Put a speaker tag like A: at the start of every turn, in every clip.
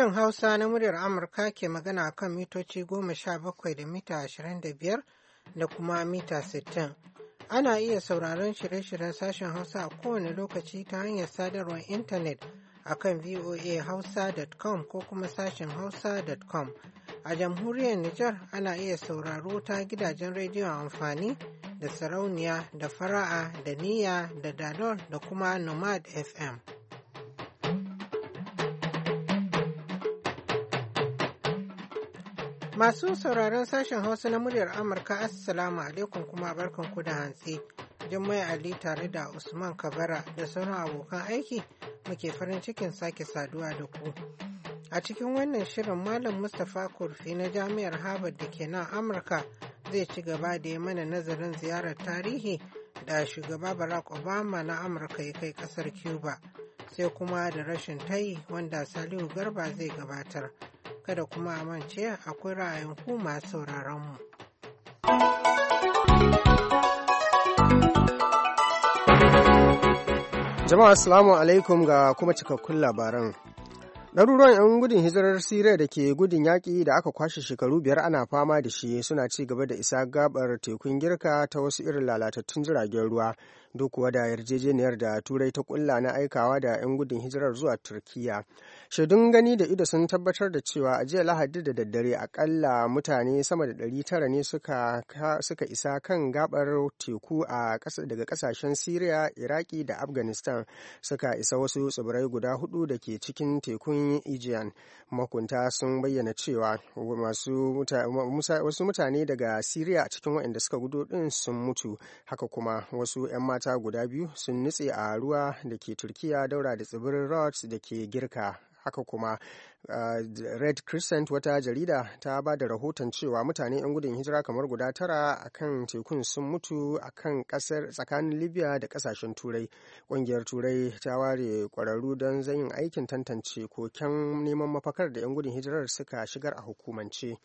A: Sashen Hausa na muryar Amurka ke magana kan mitoci goma sha bakwai da mita ashirin da biyar da kuma mita sittin. Ana iya sauraron shirye-shiryen sashen Hausa a kowane lokaci ta hanyar sadarwar intanet a kan voahausa.com ko kuma sashen hausa.com. A jamhuriyar Nijar ana iya sauraro ta gidajen rediyon amfani da sarauniya da fara'a da niyya da dadon da kuma nomad FM. Masu sauraron sashen Hausa na muryar Amurka Assalamu alaikum kuma ku da hantsi. Jummai Ali tare da Usman Kabara da sauran abokan aiki muke farin cikin sake saduwa da ku. A cikin wannan shirin Malam Mustapha Kurfi na Jami'ar Harvard da ke nan Amurka zai ci gaba da ya mana nazarin ziyarar tarihi da shugaba Barack Obama na Amurka ya kai kasar Cuba. Sai kuma da rashin tayi wanda Salihu Garba zai gabatar. kada kuma a mance akwai ra'ayin ku masu sauraron mu.
B: Jama'a Assalamu alaikum ga kuma cikakkun labaran. Ɗaruruwan 'yan gudun hijirar Siriya da ke gudun yaƙi da aka kwashe shekaru biyar ana fama da shi suna ci gaba da isa gabar tekun girka ta wasu irin lalatattun jiragen ruwa duk kuwa da yarjejeniyar da turai ta kulla na aikawa da 'yan gudun hijirar zuwa turkiya shaidun gani da ido sun tabbatar da cewa a jiya lahadi da daddare akalla mutane sama da tara ne suka, isa kan gabar teku a daga kasashen syria iraki da afghanistan suka isa wasu tsibirai guda hudu da ke cikin tekun aegean makunta sun bayyana cewa wasu mutane daga syria cikin waɗanda suka gudu ɗin sun mutu haka kuma wasu 'yan mata guda biyu sun nutse a ruwa da ke turkiya daura da tsibirin rods da ke girka haka kuma red crescent wata jarida ta ba da rahoton cewa mutane 'yan gudun hijira kamar guda tara a kan tekun sun mutu a kan kasar tsakanin libya da kasashen turai ƙungiyar turai ta ware kwararru don zayin aikin tantance koken neman mafakar da 'yan gudun hijirar suka shigar a hukumance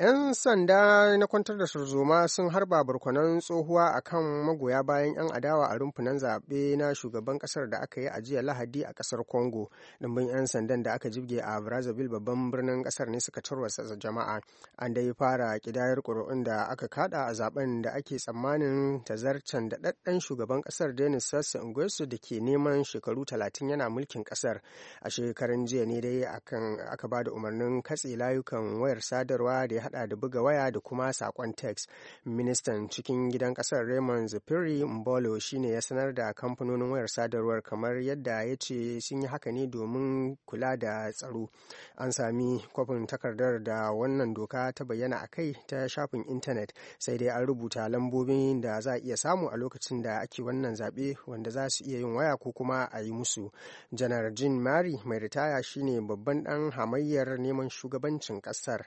B: 'Yan sanda na kwantar da tarzoma sun harba barkwanon tsohuwa a kan magoya bayan 'yan adawa a rumfunan zaɓe na shugaban ƙasar da aka yi a jiya Lahadi a ƙasar Congo. Ɗumbin 'yan sandan da aka jibge a Brazzaville babban birnin ƙasar ne suka tarwasa jama'a. An dai fara kidayar ƙuri'un da aka kada a zaben da ake tsammanin tazarcen da ɗaɗɗan shugaban ƙasar Denis sassa ingwesu da ke neman shekaru talatin yana mulkin ƙasar. A shekarun jiya ne dai aka ba da umarnin katse layukan wayar sadarwa da ya hada da buga waya da kuma sakon text. Ministan cikin gidan kasar Raymond Zipiri Mbolo shine ya sanar da kamfanonin wayar sadarwar kamar yadda ya ce sun yi haka ne domin kula da tsaro. An sami kwafin takardar da wannan doka ta bayyana a kai ta shafin intanet sai dai an rubuta lambobin da za a iya samu a lokacin da ake wannan zaɓe wanda za su iya yin waya ko kuma a yi musu. Janar Jin Mari mai ritaya shine babban ɗan hamayyar neman shugabancin ƙasar.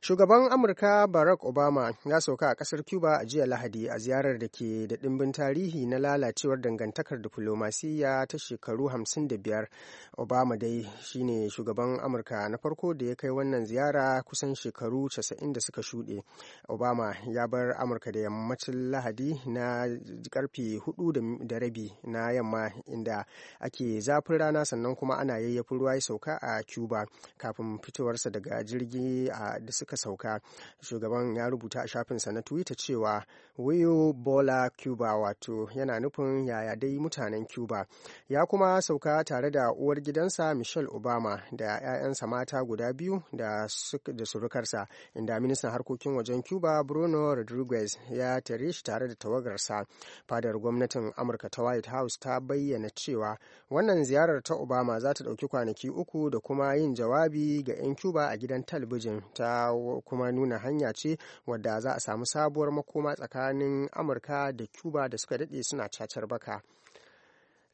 B: Shugaban Amurka Barack Obama ya sauka a kasar Cuba a jiya Lahadi a ziyarar da ke da ɗimbin tarihi na lalacewar dangantakar diflomasiyya ta shekaru 55. Obama dai shine shugaban Amurka na farko da ya kai wannan ziyara kusan shekaru 90 da suka shuɗe. Obama ya bar Amurka da yammacin Lahadi na karfe 4 da rabi na yamma inda ake zafin rana sannan kuma ana yayyafin ruwa ya sauka a Cuba kafin fitowarsa daga jirgi a da suka sauka shugaban ya rubuta a shafinsa na twitter cewa wayo bola cuba wato yana nufin yaya dai mutanen cuba ya kuma sauka tare da uwar gidansa michelle obama da 'ya'yansa mata guda biyu da surukarsa inda ministan harkokin wajen cuba bruno rodriguez ya tare shi tare da tawagarsa fadar gwamnatin amurka ta white house ta bayyana cewa wannan ziyarar ta obama za ta ɗauki kwanaki uku da kuma yin jawabi ga 'yan cuba a gidan talabijin ta kuma nuna hanya ce wadda za a samu sabuwar makoma tsakanin amurka da cuba da suka daɗe suna cacar baka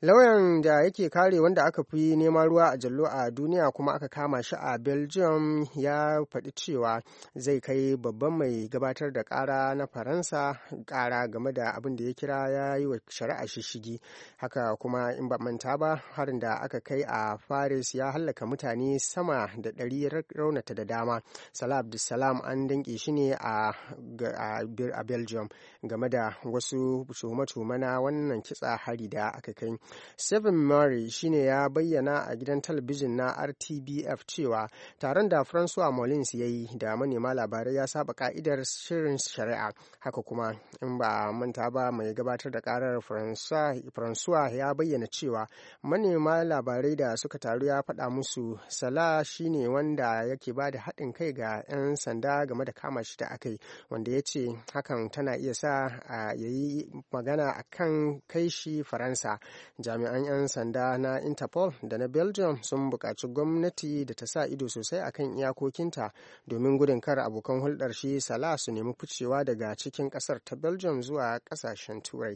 B: lauyan da yake kare wanda aka fi neman ruwa a jallo a duniya kuma aka kama shi a belgium ya faɗi cewa zai kai babban mai gabatar da ƙara na faransa ƙara game da abin da ya kira ya yi wa shari'a shishigi haka kuma in ba manta ba harin da aka kai a paris ya hallaka mutane sama da ɗari raunata da dama salah abdulsalam an danƙe shi ne a belgium game da wasu tuhume-tuhume na wannan kitsa hari da aka kai Seven Murray shine ya bayyana a gidan talabijin na RTBF cewa taron da Francois Molins ya yi da manema labarai ya saba ka'idar shirin shari'a. Haka kuma in ba manta ba mai gabatar da karar Francois ya bayyana cewa manema labarai da suka taru ya faɗa musu Sala shine wanda yake ba da haɗin kai ga 'yan sanda game da kama shi da aka yi wanda ya ce hakan tana iya sa ya yi magana akan kai shi Faransa. jami'an 'yan sanda na interpol da na belgium sun buƙaci gwamnati da ta sa ido sosai a kan iyakokinta domin gudun kar abokan hulɗar shi sala su nemi ficewa daga cikin ƙasar ta belgium zuwa ƙasashen turai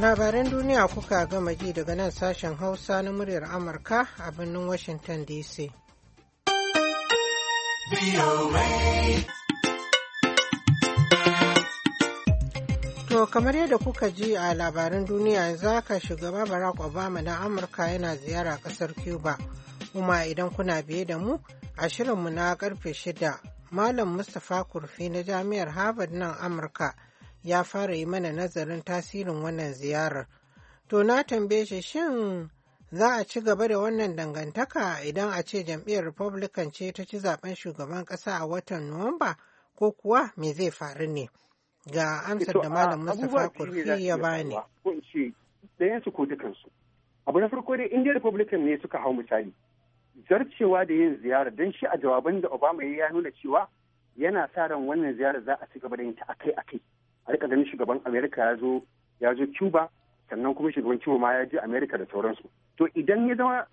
A: labaran duniya kuka gama ji daga nan sashen hausa na muryar amurka a birnin washington dc To kamar yadda kuka ji a labaran duniya ka shugaba Barack Obama na Amurka yana ziyara kasar Cuba. Kuma idan kuna biye da mu a shirinmu na karfe shida Malam Mustapha Kurfi na Jami'ar Harvard nan Amurka ya fara yi mana nazarin tasirin wannan ziyarar. To na tambaye shi shin za a ci gaba da wannan dangantaka idan a ce jam'iyyar Republican ce ta ci zaben shugaban ƙasa a watan Nuwamba ko kuwa me zai faru ne? ga amsar da malam Mustapha Kurfi ya bani. Ko in ce su ko dukansu. Abu na farko dai Indian Republican ne suka hau misali.
C: Zarcewa da yin ziyara don shi a jawaban da Obama ya nuna cewa yana sa ran wannan ziyarar za a ci gaba da yin ta akai akai. A rika ganin shugaban Amerika ya zo ya zo Cuba sannan kuma shugaban Cuba ma ya je Amerika da sauransu. To idan ya zama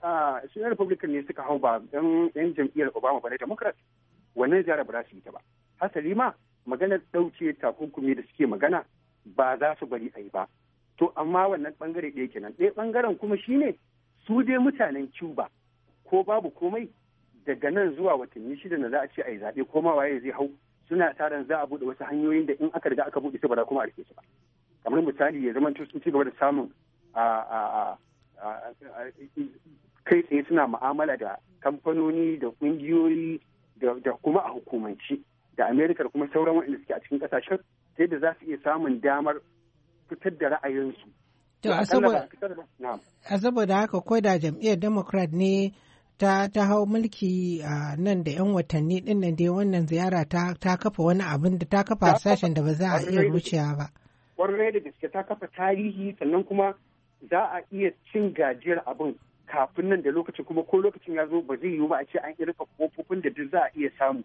C: su Republican ne suka hau ba don yan jam'iyyar Obama ba na Democrat wannan ziyara ba za su yi ta ba. Hasali ma maganar ɗauke takunkumi da suke magana ba za su bari a yi ba to amma wannan bangare ɗaya kenan ɗaya bangaren kuma shine su dai mutanen cuba ko babu komai daga nan zuwa watanni shida na za a ce a yi zaɓe ko ma waye zai hau suna taron za a buɗe wasu hanyoyin da in aka riga aka buɗe su ba za kuma a rike su ba kamar misali ya zama sun ci gaba da samun kai tsaye suna mu'amala da kamfanoni da ƙungiyoyi da kuma a hukumance. da amerika da kuma sauran waɗanda suke a cikin ƙasashen ta yadda za su iya samun damar fitar da ra'ayinsu.
A: To a saboda haka ko da jam'iyyar democrat ne ta ta hau mulki a nan da 'yan watanni din nan dai wannan ziyara ta kafa wani abin da ta kafa sashen da ba za a iya wucewa ba.
C: Kwarai da gaske ta kafa tarihi sannan kuma za a iya cin gajiyar abin kafin nan da lokacin kuma ko lokacin ya zo ba zai yiwu ba a ce an irka kofofin da duk za a iya samu.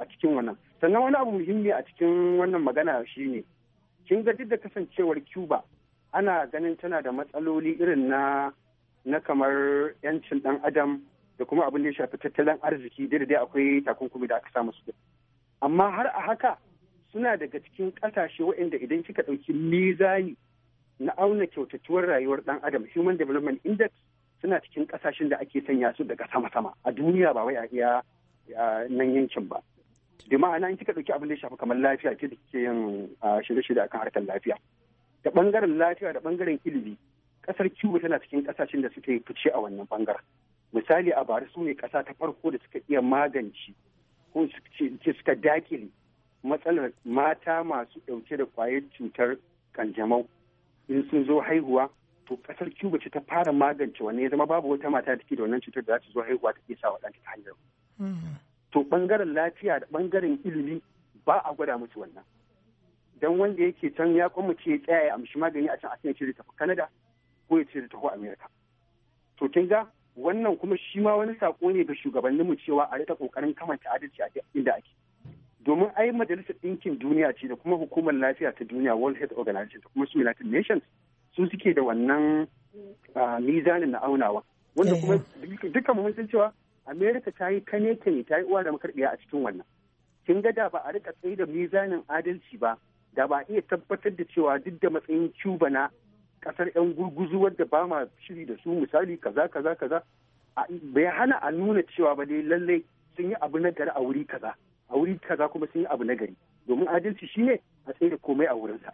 C: a cikin wannan sannan wani abu muhimmi a cikin wannan magana shine kin ga duk da kasancewar cuba ana ganin tana da matsaloli irin na na kamar yancin dan adam da kuma abin da ya shafi tattalin arziki da dai akwai takunkumi da aka samu su amma har a haka suna daga cikin kasashe waɗanda idan kika ɗauki mizani na auna kyautatuwar rayuwar dan adam human development index suna cikin kasashen da ake sanya su daga sama-sama a duniya ba wai a iya nan yankin ba da ma'ana in kika ɗauki abin da ya shafi kamar lafiya ke ke yin shirye-shirye akan harkar lafiya da bangaren lafiya da bangaren ilimi ƙasar cuba tana cikin ƙasashen da suke yi fice a wannan ɓangaren misali a bari su ne ƙasa ta farko da suka iya magance ko suka dakile matsalar mata masu ɗauke da kwayar cutar kanjamau in sun zo haihuwa to ƙasar cuba ce ta fara magance wannan ya zama babu wata mata da ke da wannan cutar da za ta zo haihuwa ta ke sa wa ta hanyar hmm. to bangaren lafiya da bangaren ilimi ba a gwada musu wannan Don wanda yake can ya kuma ce tsaya ya amshi magani a can a can shirya tafi Canada ko ya shirya tafi America to kin ga wannan kuma shi ma wani sako ne ga mu cewa a rika kokarin kamanta adalci a inda ake domin ai majalisar ɗinkin duniya ce da kuma hukumar lafiya ta duniya world health organization da kuma su united nations su suke da wannan ah, mizanin na aunawa
D: wanda
E: kuma
C: eh. dukkan mun san cewa america ta yi kane kane ta yi uwa da makarbiya a cikin wannan kin ga da ba a rika tsaye da mizanin adalci ba da ba iya tabbatar da cewa duk da matsayin cuba na kasar yan gurguzu wadda ba ma shiri da su misali kaza kaza kaza bai hana a nuna cewa ba dai lallai sun yi abu na gari a wuri kaza a wuri kaza kuma sun yi abu na gari domin adalci shine a tsaye da komai a wurinsa.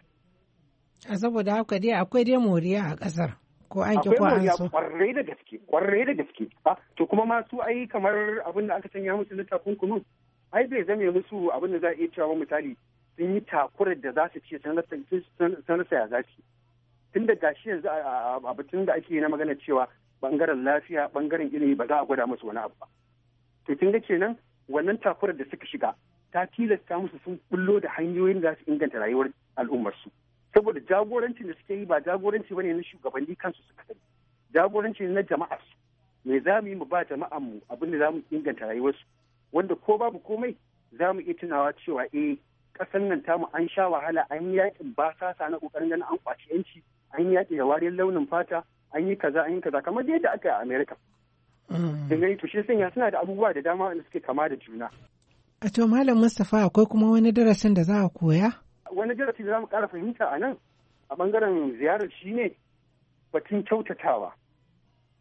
A: a saboda haka dai akwai dai moriya a kasar. ko an ki ko an so
C: kwarai da gaske kwarai da gaske ah, to kuma ma su ai kamar abin da aka sanya musu na takunkumin ai bai zame musu abin da za a iya cewa misali sun yi takura da za su ce sun rasa ya za tun da gashi yanzu a batun da ake na magana cewa bangaren lafiya bangaren ilimi ba za a gwada musu wani abu ba to kin ga kenan wannan takurar da suka shiga ta tilasta musu sun bullo da hanyoyin da su inganta rayuwar al'ummarsu. su saboda jagorancin da suke yi ba jagoranci bane na shugabanni kansu suka sani jagoranci na jama'a me za mu yi mu ba jama'an mu abin da za mu inganta rayuwarsu wanda ko babu komai za mu iya tunawa cewa eh kasan nan tamu an sha wahala an yi yakin basasa na kokarin ganin an kwashi yanci an yi yakin da wariyar launin fata an yi kaza an yi kaza kamar yadda aka yi a america dangane mm. to shi sanya suna da abubuwa da dama wanda suke kama da juna
A: a to malam mustapha akwai kuma wani darasin da za a koya
C: wani darasi da mu kara fahimta a nan a bangaren ziyarar shi ne batun kyautatawa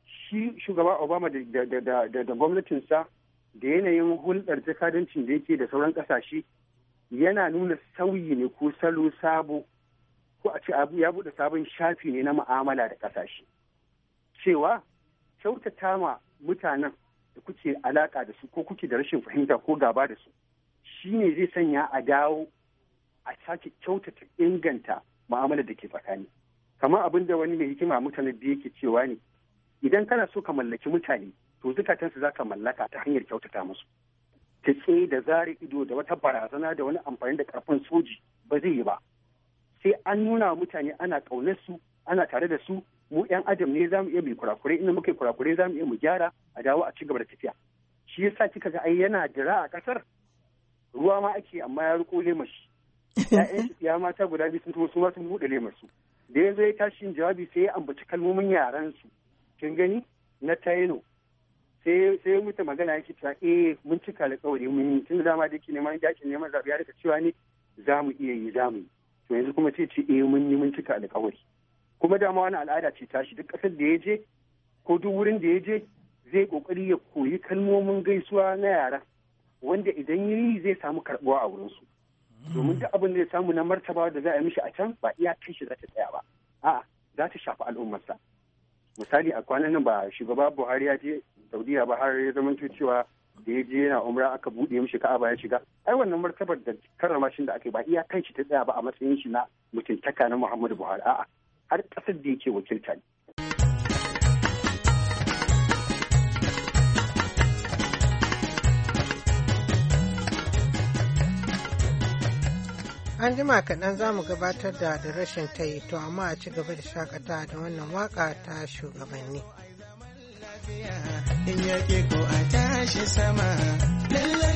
C: shi shugaba obama da gwamnatinsa da yanayin hulɗar jakadancin da yake da sauran ƙasashe yana nuna sauyi ne ko salo sabo ko a ce ya buɗe sabon shafi ne na ma'amala da ƙasashe cewa kyautata ma mutanen da kuke alaƙa da su ko kuke da rashin fahimta ko gaba da su shi ne zai sanya a dawo a sake kyautata inganta mu'amala da ke tsakani kamar abin da wani mai hikima mutane biyu yake cewa ne idan kana so ka mallaki mutane to zukatan za ka mallaka ta hanyar kyautata musu Ta kitse da zare ido da wata barazana da wani amfani da karfin soji ba zai yi ba sai an nuna mutane ana ƙaunar su ana tare da su mu yan adam ne zamu iya mai kurakurai inda muka kurakurai zamu iya mu gyara a dawo a cigaba da tafiya shi yasa kika ga ai yana jira a kasar ruwa ma ake amma ya riko lemashi. ya mata guda biyu sun tuma su sun buɗe lemarsu su da ya zo ya tashi jawabi sai ya ambaci kalmomin yaran su kin gani na taino sai sai mutu magana yake cewa eh mun cika alƙawari mun yi tun da dama da yake neman da neman zaɓe ya rika cewa ne za mu iya yi za mu yi to yanzu kuma ce ce eh mun yi mun cika alƙawari kuma dama wani al'ada ce tashi duk ƙasar da ya je ko duk wurin da ya je zai ƙoƙari ya koyi kalmomin gaisuwa na yara wanda idan yi zai samu karɓuwa a wurinsu domin duk abin da ya samu na martaba da za a yi mishi a can ba iya kai shi za ta tsaya ba a'a za ta shafi al'ummarsa misali a kwanan nan ba shugaba buhari ya je saudiya ba har ya zama cewa da ya je yana umra aka buɗe mishi ka'aba ya shiga ai wannan martabar da karrama da aka yi ba iya kan shi ta tsaya ba a matsayin shi na mutuntaka na muhammadu buhari a'a har ƙasar da yake wakilta ne
A: an jima kaɗan za mu gabatar da da rashin ta yi to amma a ci gaba da shakata
F: da wannan waka ta shugabanni. In yake ko a tashi sama, lallai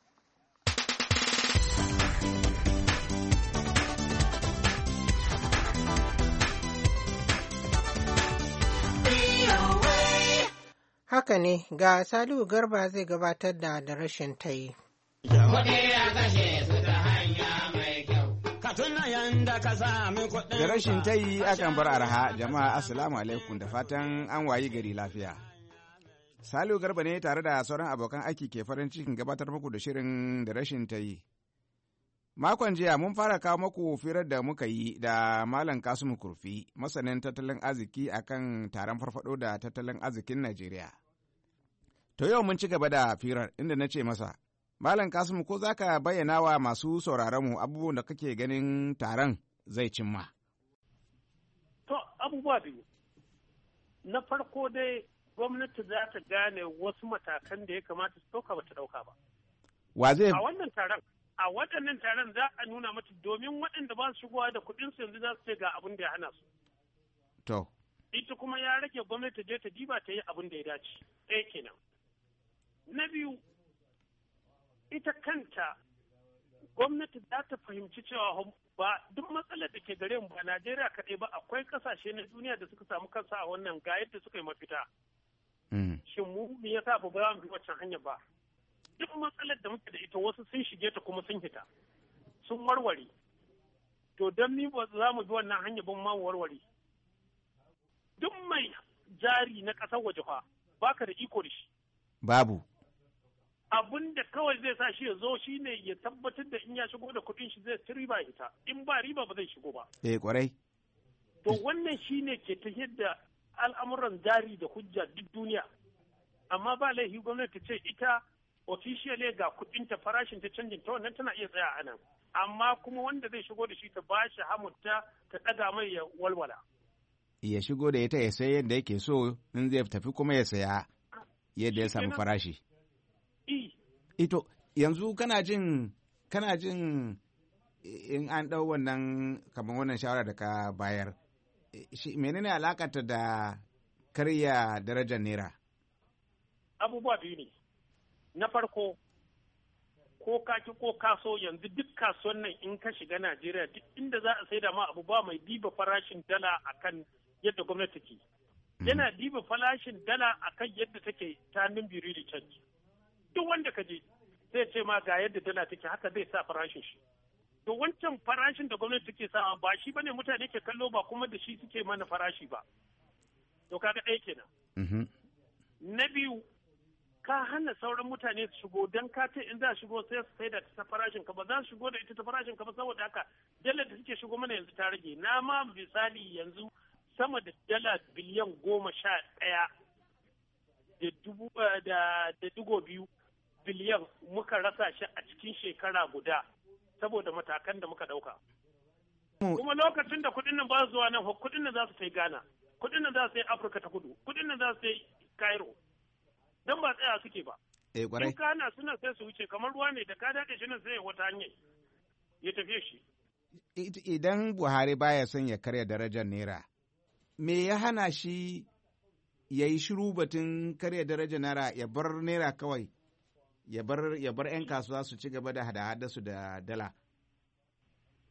A: Haka ne ga Salihu Garba zai gabatar da da rashin ta yi.
F: Da
G: rashin ta yi akan bar arha jama'a Assalamu alaikum da fatan an wayi gari lafiya. Salihu Garba ne tare da sauran abokan aiki ke farin cikin gabatar muku da shirin da rashin ta yi. Makon jiya mun fara kawo maku firar da muka yi da Malam Kasimu Kurfi, masanin tattalin arziki kan taron farfado da tattalin arzikin Najeriya. To yau mun ci gaba da firar inda na ce masa, Malam Kasimu ko za ka bayyana wa masu sauraronmu abubuwan da kake ganin taron zai cimma?
D: To abubuwa biyu. Na farko dai gwamnati za ta gane wasu matakan da ya kamata su ba ta ba.
G: A wannan
D: taron. a waɗannan taron za a nuna mata domin waɗanda ba su shigowa da kuɗin su yanzu za su ce ga abin da ya hana su. To. Ita kuma ya rage gwamnati ta je ta diba ta yi abin da ya dace. Ɗaya kenan. Na biyu, ita kanta gwamnati za ta fahimci cewa ba duk matsalar da ke gare mu ba Najeriya kaɗai ba akwai ƙasashe na duniya da suka samu kansa a wannan ga yadda suka yi mafita. Mm. Shin mu me yasa ba za mu bi waccan hanya ba? duk matsalar da muke da ita wasu sun shige ta kuma sun hita sun warware to don ni ba za mu bi wannan hanya ban ma warware duk mai jari na ƙasar waje fa baka da iko da shi babu Abun da kawai zai sa shi ya zo shi ne ya tabbatar da in ya shigo da kuɗin shi zai ci riba ita in ba riba ba zai shigo ba eh kwarai to wannan shi ne ke ta yadda al'amuran jari da hujja duk duniya amma ba laifi gwamnati ce ita officially ga kudinta farashin ta canjin ta wannan tana iya tsaya a nan amma kuma wanda zai shigo da shi ta ba shi hamunta ta ɗaga mai ya walwala.
G: Ya shigo da ita ya sai yadda yake so in zai tafi kuma ya saya yadda ya samu farashi. Ito yanzu kana jin kana jin eh, in an ɗau wannan kamar wannan shawara da ka bayar eh, menene alakata da karya darajar naira?
D: Abubuwa biyu ne. na farko ko ka ko ka so yanzu duk kasuwan nan in ka shiga Najeriya duk inda za a saida ma abu ba mai diba farashin dala akan yadda gwamnati ke. Mm. Yana diba farashin dala akan yadda take ta nimbiri da canji. Duk wanda ka je zai ce ma ga yadda dala take haka zai sa farashin shi. To wancan farashin da gwamnati take sa ba shi bane mutane ke kallo ba kuma da shi suke mana farashi ba. To kaga ɗaya kenan. Mm-hmm. Na biyu ka hana sauran mutane su shigo don ka ce in za shigo sai su sai da ta farashin ka ba za su shigo da ita ta farashin ka ba saboda haka dala da suke shigo mana yanzu ta rage na ma misali yanzu sama da dala biliyan goma sha ɗaya da dubu eh, biyu biliyan muka rasa shi a cikin shekara guda saboda matakan da muka ɗauka. Kuma lokacin da kuɗin nan ba su zuwa nan kuɗin nan za su sai Ghana, kuɗin nan za su sai Afirka ta kudu, kuɗin nan za su sai Cairo. don ba tsaya suke ba eh kwarai in kana suna sai su wuce kamar ruwa ne da ka dade shi nan sai ya wata hanya ya tafi shi
G: idan Buhari baya son ya karya darajar naira me ya hana shi ya yi shiru batun karya darajar naira ya bar naira kawai ya bar ya bar 'yan kasuwa su ci gaba da hada-hada su da dala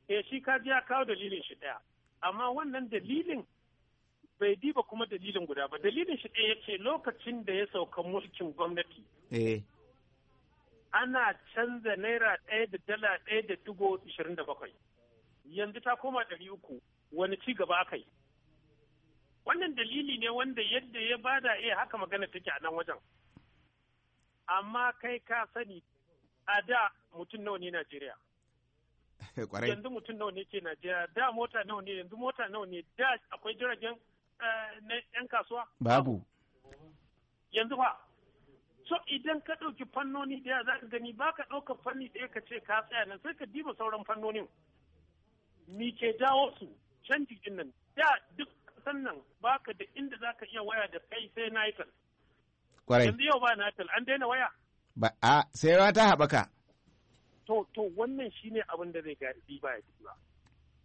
D: eh shi ka ji ya kawo dalilin shi daya amma wannan dalilin bai diba kuma dalilin guda ba dalilin shi ɗaya ce lokacin da ya sauka mulkin gwamnati eh. ana canza naira ɗaya da dala ɗaya da digo ishirin da bakwai yanzu ta koma ɗari uku wani ci gaba aka yi wannan dalili ne wanda yadda ya bada iya eh, haka magana take a nan wajen amma kai ka sani a da mutum nawa ne Najeriya yanzu mutum nawa ne ke Najeriya da mota nawa ne yanzu mota nawa ne da akwai jiragen Eh, na yan kasuwa babu yanzu ba so idan ka ɗauki fannoni da za ka gani ba ka ɗauka fanni ɗaya ka ce ka tsaya nan sai ka diba sauran fannonin ni ke jawo su canji din nan da duk ba baka da inda za ka iya waya da kai sai nital kwarai yanzu yau ba nital an daina waya
G: ba a sai rawa ta haɓaka
D: to to wannan shine abin da zai gari ba ya ba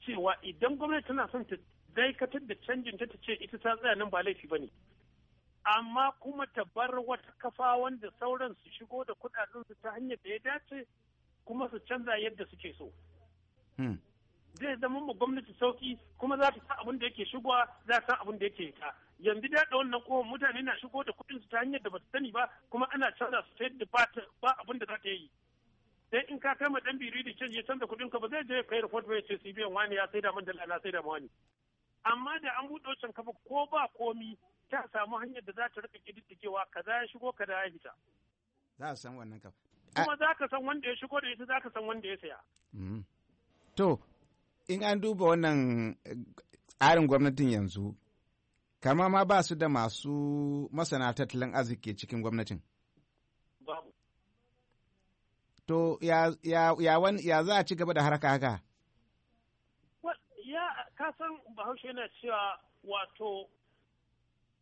D: cewa idan gwamnati tana son ta daikatar da canjin ta ce ita ta tsaya nan ba laifi ba ne amma kuma ta bar wata kafa wanda sauran su shigo da kudaden su ta hanyar da ya dace kuma su canza yadda suke so hmm. zai zama mu gwamnati sauki kuma za ta san abin da yake shigowa za ta san abin da yake ta yanzu da wannan kuma mutane na shigo da kudin su ta hanyar da ba su sani ba kuma ana canza su ta yadda ba abin da za ta yi sai in ka kama dan biri da canji ya canza kudin ka ba zai je kai report ba ya ce biyan wani ya da man dala na sai da wani amma da an buɗe wancan kafa ko ba komi ta samu hanyar da za ta rika kididdigewa kaza ya shigo kaza ya fita
G: za a san wannan kafa
D: kuma za ka san wanda ya shigo da ita za ka san wanda ya saya
G: mm. to in an duba wannan eh, tsarin gwamnatin yanzu kama ma ba su da masu masana tattalin arziki cikin gwamnatin babu to ya, za a ci gaba da haraka haka
D: ka san bahaushe yana cewa wato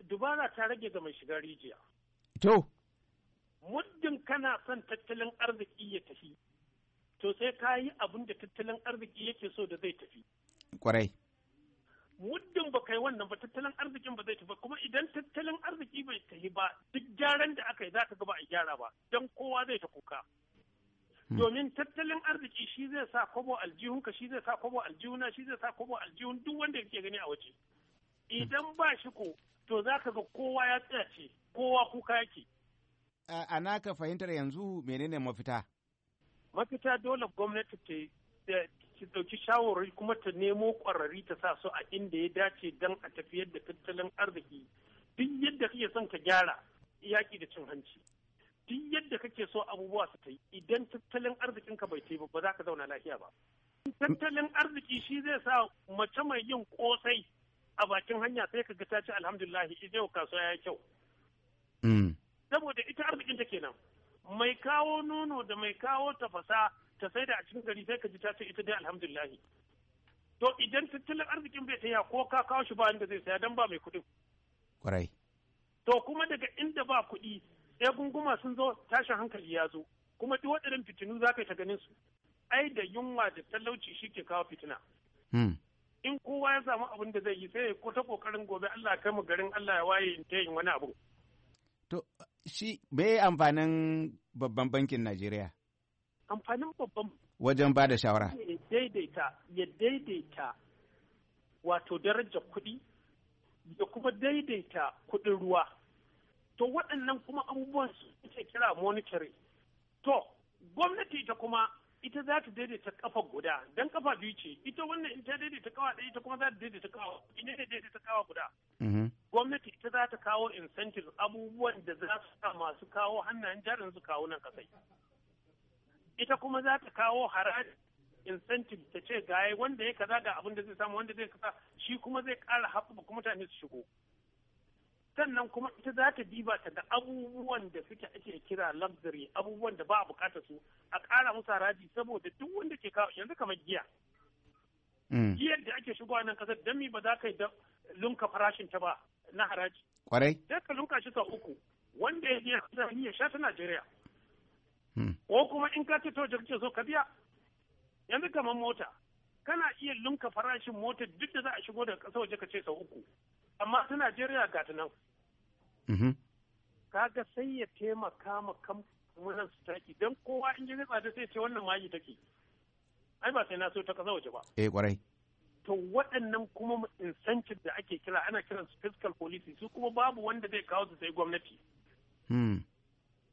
D: dubara ta rage ga mai shiga rijiya. To. Muddin kana son tattalin arziki ya tafi, to sai ka yi abin da tattalin arziki yake so da zai tafi. Kwarai. Muddin ba kai wannan ba tattalin arzikin ba zai tafi kuma idan tattalin arziki bai tafi ba duk gyaran da aka yi za ka gaba a gyara ba don kowa zai ta kuka. Hmm. domin tattalin arziki shi zai sa kobo aljihunka shi zai sa kobo aljihuna shi zai sa kobo aljihun duk wanda yake gani a waje hmm. idan ba shi ko to za ka ga kowa ya tsayace kowa kuka yake
G: a naka fahimtar yanzu menene mafita
D: mafita dole gwamnati ta ki dauki shawarwari kuma ta nemo ƙwararri ta sa su a inda ya dace dan a tafiyar da tattalin arziki duk yadda kake son ka gyara yaƙi da cin hanci duk yadda kake so abubuwa su ta yi idan tattalin arzikin ka bai ta yi ba za ka zauna lafiya ba tattalin arziki shi zai sa mace mai yin kosai a bakin hanya sai ka ga ta ce alhamdulillahi yau kasuwa ya kyau hmm. saboda ita arzikin ta kenan mai kawo nono da mai kawo tafasa ta sai da a cikin gari sai ka ji ta ce ita dai alhamdulillahi to idan tattalin arzikin bai ta taya ko ka kawo shi ba inda zai saya dan ba mai kuɗin kwarai to kuma daga inda ba kuɗi sai gunguma sun zo tashin hankali ya zo kuma duk waɗannan fitinu za ka ta ganin su ai da yunwa da talauci shi ke kawo fitina hmm. in kowa ya samu abin da zai yi sai ko ta kokarin gobe Allah kai mu garin Allah ya waye ta yin wani abu
G: to shi me amfanin babban bankin Najeriya
D: amfanin babban
G: wajen ba da shawara
D: ya daidaita ya daidaita wato darajar kuɗi ya kuma daidaita kuɗin ruwa to waɗannan kuma abubuwan su kira monitoring to gwamnati ita kuma ita za ta daidaita kafa guda dan kafa biyu ce ita wannan in ta daidaita kawa ɗaya ita kuma za ta daidaita kawa ina ne daidaita kawa guda mm-hmm. gwamnati ita za ta kawo incentive abubuwan da za su sa masu kawo hannayen jarin su kawo nan kasai ita kuma za ta kawo haraji incentive ta ce gaye wanda ya kaza ga abin da zai samu wanda zai kaza shi kuma zai ƙara haɓɓaka mutane su shigo sannan kuma ita za ta diba ta da abubuwan da suke ake kira luxury abubuwan da ba a bukata su a ƙara musu haraji saboda duk wanda ke kawo yanzu kamar giya mm. giyar da ake shigowa nan kasar don mi ba za ka yi da lunka farashin ta ba na haraji kwarai sai ka lunka shi sau uku wanda ya biya ta ya sha ta Najeriya mm. ko kuma in ka ce to jirgin so ka biya yanzu kamar mota kana iya lunka farashin motar duk da za a shigo daga kasar waje ka ce sau uku amma ta najeriya ga ta nan mm-hmm. kaga sai ya taimaka ma kamfanin su taki don kowa in ji tsada sai ce wannan maji take ai ba sai na so ta kasa waje ba eh kwarai to waɗannan kuma incentive da ake kira ana kiran su fiscal policy su kuma babu wanda zai kawo su sai gwamnati hmm.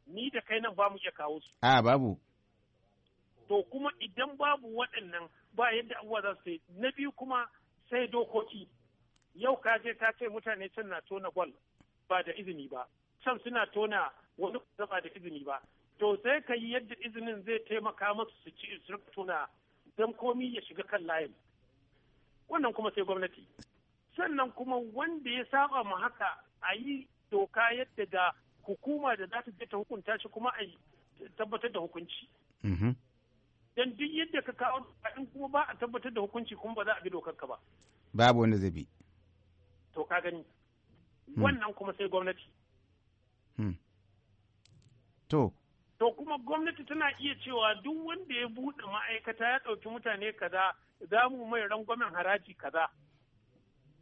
D: ni da kai nan ba mu iya kawo su a ah, babu to kuma idan babu waɗannan ba yadda abubuwa za su yi na biyu kuma sai dokoki yau ka je ka ce mutane can na tona gwal ba da izini ba can suna tona wani ba da izini ba to sai ka yi yadda izinin zai taimaka masu su ci su tona don komi ya shiga kan layin wannan kuma sai gwamnati sannan kuma wanda ya saba mu haka a yi doka yadda da hukuma da za ta je ta hukunta shi kuma a tabbatar da hukunci mm-hmm. dan duk yadda ka kawo in kuma ba a tabbatar da hukunci kuma ba za a bi dokar ka ba
G: babu wanda zai bi
D: to ka gani hmm. wannan kuma sai gwamnati hmm. to to kuma gwamnati tana iya cewa duk wanda ya buɗe ma'aikata ya ɗauki mutane kaza za mu mai rangwamen haraji kaza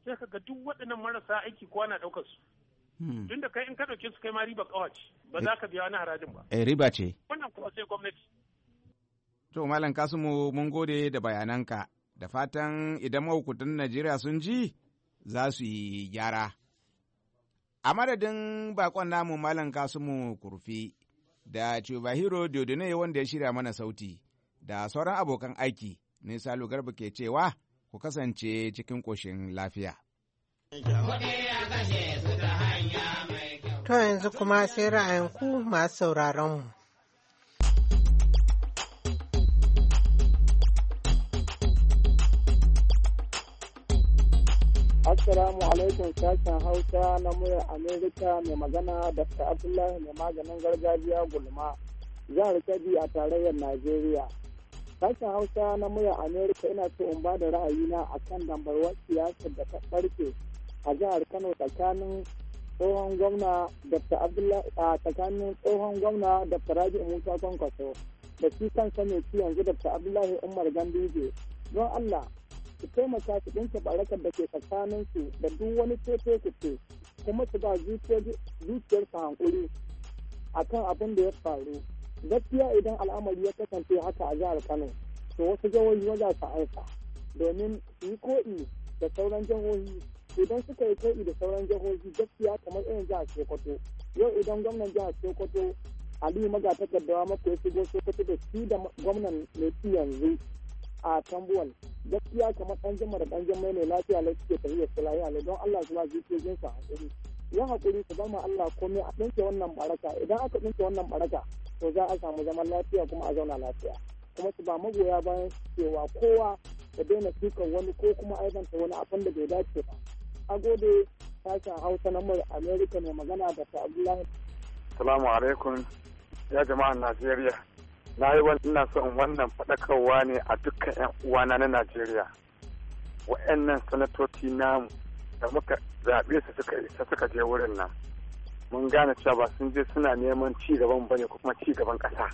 D: sai ka ga duk waɗannan marasa aiki kowa na ɗaukar su
G: hmm.
F: tun
D: da kai in ka ɗauke su kai ma riba kawace ba za ka biya wani harajin ba
G: eh riba ce
D: wannan kuma sai gwamnati
G: to malam kasumu mun gode da bayananka da fatan idan mahukuntan najeriya sun ji za su yi gyara. A madadin bakon namu Malam Kasimu Kurfi da Cubahiro Dodone wanda ya shirya mana sauti da sauran abokan aiki ne Garba ke cewa ku kasance cikin ƙoshin lafiya.
A: To yanzu kuma sai ra'ayin ku masu sauraronmu.
E: Assalamu alaikum sashen Hausa na murar Amerika mai magana Dr. Abdullahi mai maganin gargajiya gulma jihar Kebbi a tarayyar Najeriya. Sashen Hausa na murar Amerika ina so in ba da ra'ayina a kan dambarwar siyasar da ta ɓarke a jihar Kano tsakanin tsohon gwamna Dr. Abdullahi a tsakanin tsohon gwamna Dr. Musa Kwankwaso da shi kansa ne yanzu Dr. Abdullahi Umar Ganduje. Don Allah su taimaka su ɗinke barakar da ke tsakanin su da duk wani tefe kuce kuma su ba zuciyar su hankuri kan abin da ya faru gaskiya idan al'amari ya kasance haka a jihar kano to wasu jihohi wajen su aika domin su yi ko'i da sauran jihohi idan suka yi ko'i da sauran jihohi gaskiya kamar irin jihar sokoto yau idan gwamnan jihar sokoto aliyu maga takardawa mako ya shigo sokoto da shi da gwamnan mai yanzu a tambuwal gaskiya kamar ɗan jama da ɗan jima ne lafiya lai suke tafiya su lafiya lai don Allah su ba zuciyoyin sa hakuri yin hakuri su ba ma Allah komai a ɗinke wannan baraka idan aka ɗinke wannan baraka to za a samu zaman lafiya kuma a zauna lafiya kuma su ba magoya bayan cewa kowa ya daina suka wani ko kuma aibanta wani abin da bai dace ba a gode sashen hausa na mai amerika mai magana da ta abdullahi
C: salamu alaikum ya jama'an najeriya na yi ina son wannan faɗakarwa ne a dukkan 'yan uwana na najeriya wa'annan sanatoci namu da muka zaɓe su suka isa suka je wurin nan mun gane cewa ba sun je suna neman ci gaban bane ko kuma ci gaban ƙasa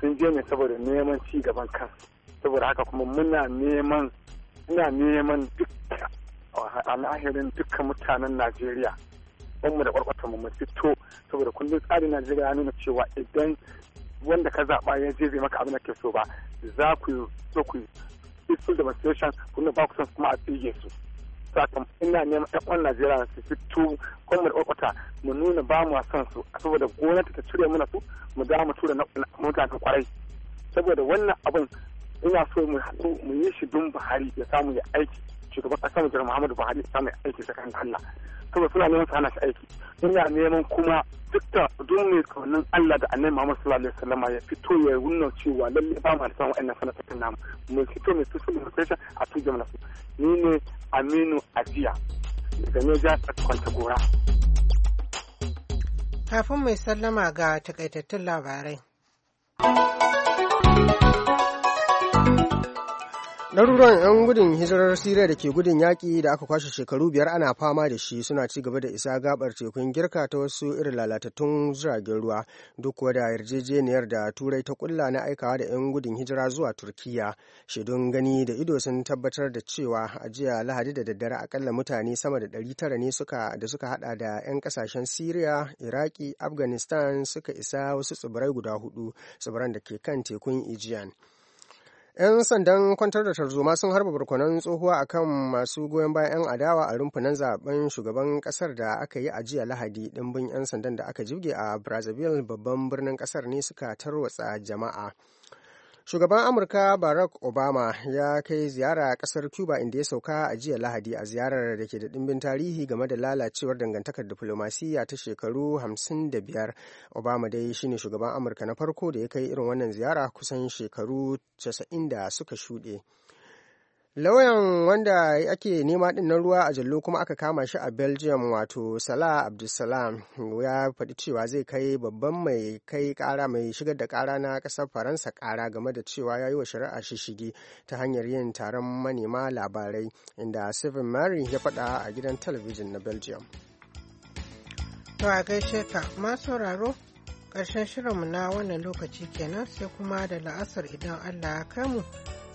C: sun je ne saboda neman ci gaban kansu saboda haka kuma muna neman ina neman dukkan a lahirin dukkan mutanen najeriya mu da kwarkwata mu fito saboda kundin tsarin najeriya ya nuna cewa idan wanda ka zaɓa ya je zai maka abin da ke so ba za ku so ku peaceful demonstration kuma ba ku san kuma a tsige su sakam ina neman ɗan Najeriya su fito kuma da ƙwaƙwata mu nuna ba mu son su saboda gwamnati ta cire mana su mu za mu tura mutanen kwarai saboda wannan abin ina so mu yi shi dun Buhari ya samu ya aiki shugaban ƙasa mu jira Muhammadu Buhari ya samu aiki sakan Allah kuma suna neman su hana shi aiki ina neman kuma duk da duk mai kaunin Allah da annabi Muhammadu sallallahu alaihi wasallam ya fito ya wunna cewa lalle ba mu da san wa'annan ta namu mu fito mai fito mu fito a tuje mana su ni ne Aminu Ajiya daga Niger kwanta gora
A: kafin mai sallama ga takaitattun labarai
B: Ɗaruruwan 'yan gudun hijirar Siriya da ke gudun yaƙi da aka kwashe shekaru biyar ana fama da shi suna ci gaba da isa gabar tekun girka ta wasu irin lalatattun jiragen ruwa duk wadda yarjejeniyar da turai ta kulla na aikawa da 'yan gudun hijira zuwa Turkiya. Shaidun gani da ido sun tabbatar da cewa a jiya Lahadi da daddare akalla mutane sama da ɗari tara ne suka da suka hada da 'yan kasashen Siriya, Iraki, Afghanistan suka isa wasu tsibirai guda hudu tsibiran da ke kan tekun Aegean. 'Yan sandan kwantar da tarzoma sun harba barkonan tsohuwa a kan masu goyon bayan 'yan adawa a rumfunan zaben shugaban kasar da aka yi a jiya Lahadi ɗimbin 'yan sandan da aka jibge a Brazzaville babban birnin kasar ne suka tarwatsa jama'a. Shugaban Amurka Barack Obama ya kai ziyara kasar Cuba inda ya sauka a jiya Lahadi a ziyarar da ke da ɗimbin tarihi game da lalacewar dangantakar diflomasiyya ta shekaru 55. Obama dai shine shugaban Amurka na farko da ya kai irin wannan ziyara kusan shekaru 90 da suka shuɗe. lauyan wanda ake nema din na ruwa a jallo kuma aka kama shi a belgium wato salah abdulsalam ya faɗi cewa zai kai babban mai kai ƙara mai shigar da ƙara na ƙasar faransa ƙara game da cewa ya yi wa shari'a shishigi ta hanyar yin taron manema labarai inda stephen mary ya faɗa a gidan talabijin na belgium
A: to a gaishe ka masu raro ƙarshen shirinmu na wannan lokaci kenan sai kuma da la'asar idan allah ya kai mu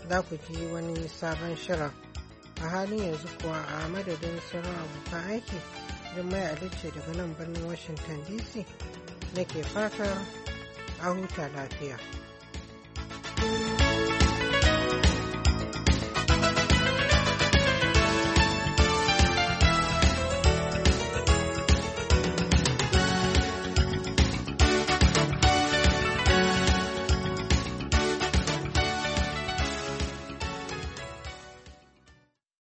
A: za ku ji wani sabon shirin a halin yanzu kuwa a madadin sauran abokan aiki don mai alice daga nan birnin washington dc nake fata a huta lafiya.